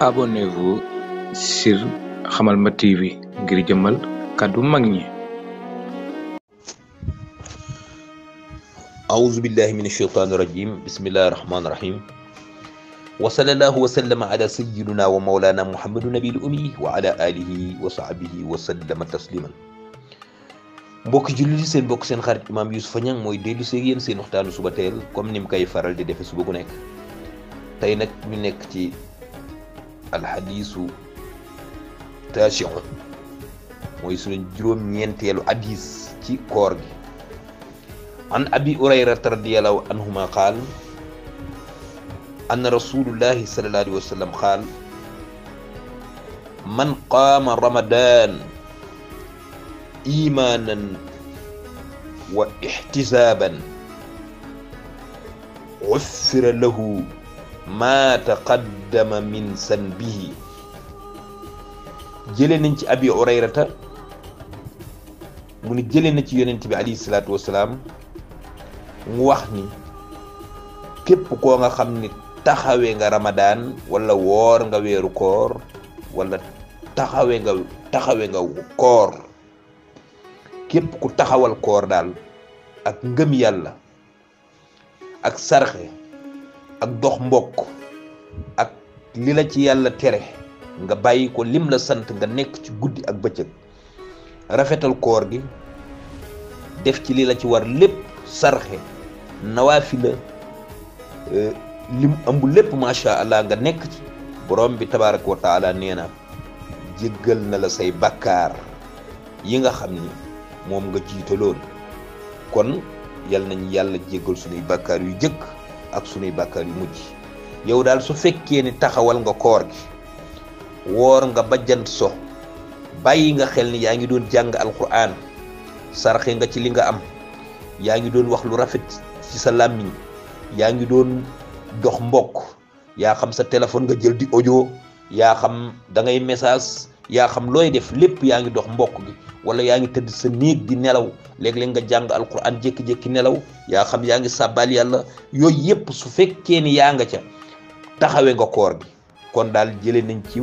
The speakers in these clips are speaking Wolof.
abonnez-vous sur Hamalma TV ngir jëmmal kàddu mag ñi أعوذ بالله من الشيطان الرجيم بسم الله الرحمن الرحيم وصلى الله وسلم على سيدنا ومولانا محمد نبي الأمي وعلى آله وصحبه وسلم تسليما mbokk jullit seen mbokk seen xarit imaam Youssoupha Niang mooy dellu see yéen seen waxtaanu suba teel comme ni mu faral di defe suba gu nekk tey nag ñu nekk ci الحديث تاشع موي سونو جروم نينتيلو حديث تي كورغي عن ابي هريره رضي الله عنهما قال ان رسول الله صلى الله عليه وسلم قال من قام رمضان ايمانا واحتسابا غفر له ma taqaddama min sanbihi jëlee nañ ci abi urayrata mu ni jëlee na ci yonent bi alayhi salaatu wasalaam mu wax ni képp koo nga xam ni taxawee nga ramadaan walla woor nga weeru koor wala taxawee nga taxawee nga koor képp ku taxawal koor daal ak ngëm yàlla ak sarxe ak dox mbokk ak li la ci yàlla tere nga bàyyi ko lim la sant nga nekk ci guddi ak bëccëg rafetal koor gi def ci li la ci war lépp sarxe nawaafi la euh, lim ëmb lépp macha allah nga nekk ci borom bi tabaaraka wa taala nee na jéggal na la say bakkaar yi nga xam ni moom nga jiitaloon kon yal nañu yàlla jéggal suñuy bakkaar yu jëkk ak sunuy bàkkaar yu mujj yow daal su fekkee ni taxawal nga koor gi woor nga ba jant so bàyyi nga xel ni yaa ngi doon jàng alquran sarxe nga ci li nga am yaa ngi doon wax lu rafet ci sa làmmiñ yaa ngi doon dox mbokk yaa xam sa téléphone nga jël di ojo yaa xam da message yaa xam looy def lépp yaa ngi dox mbokk gi wala yaa ngi tëdd sa néeg di nelaw léeg-léeg nga jàng alquran jékki-jékki nelaw yaa xam yaa ngi sàbbaal yàlla yooyu yépp su fekkee ni yaa nga ca taxawee nga koor gi kon daal jëlee nañ ci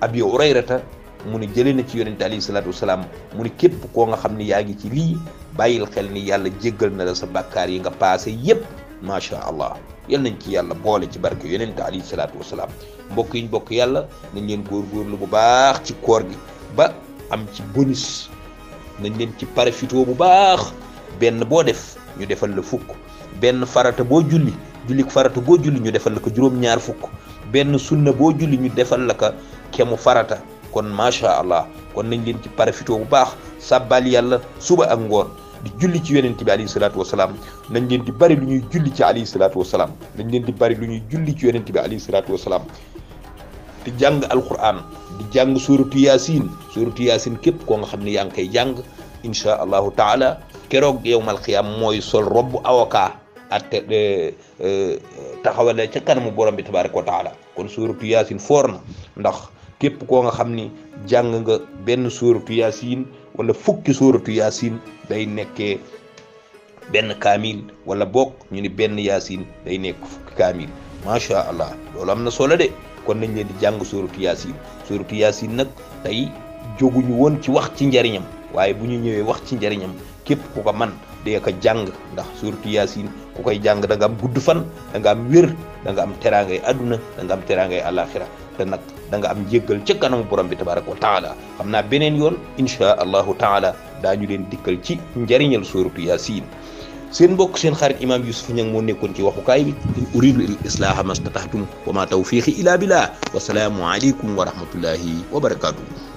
abi hurayrata mu ne jële na ci yonente alayhi salaatu wasalaam mu ne képp koo nga xam ni yaa ngi ci lii bàyyil xel ni yàlla jéggal na la sa bàkkaar yi nga paase yépp macha allah yal nañ ci yàlla boole ci barke yonent alayhi salaatu wasalaam mbokk yi ñu bokk yàlla nañ leen góorgóorlu bu baax ci koor gi ba am ci bonus nañ leen ci parafitoo bu baax benn boo def ñu defal la fukk benn farata boo julli jullik farata boo julli ñu defal la ko juróom-ñaar fukk benn sunna boo julli ñu defal la ko kemu farata kon macha allah kon nañ leen ci parafitoo bu baax sàbbal yàlla suba ak ngoon di julli ci yonent bi alayhi salaatu wasalaam nañ leen di bari lu ñuy julli ci alayhi salaatu wasalaam nañ leen di bari lu julli ci yonent bi alayhi salaatu wasalaam di jàng di jàng suuratu yaasin suuratu yaasin képp ko nga xam ni yaa ngi koy jàng incha allahu taala keroog yowmal qiyaam mooy sol robbu awoka at euh, euh, taxawale ca kanamu borom bi tabaraka wa taala kon suuratu yaasin foor képp koo nga xam ni jàng nga benn sóoratu yaasin wala fukki sóoratu yaasin day nekkee benn kaamil wala bokk ñu ni benn yaasin day nekk fukki kaamil macha allah loolu am na solo de kon nañ leen di jàng sóoratu yaasin sóoratu yaasin nag tey jóguñu woon ci wax ci njariñam waaye bu ñu ñëwee wax ci njariñam képp ku ko man dee ko jàng ndax surtout yaasin ku koy jàng da nga am gudd fan da nga am wér da nga am teraangay adduna da nga am teraangay alaxira te nag da nga am njéggal ca kanamu borom bi tabaraka wa taala am naa beneen yoon inchaa allahu taala daañu leen dikkal ci njariñal suratu yaasin seen bokk seen xarit imam Youssouf Niang moo nekkoon ci waxukaay bi in uridu il islaaha mastataxtum wa ma tawfiqi ila billah wa salaamu aleykum wa rahmatullahi wa barakatuh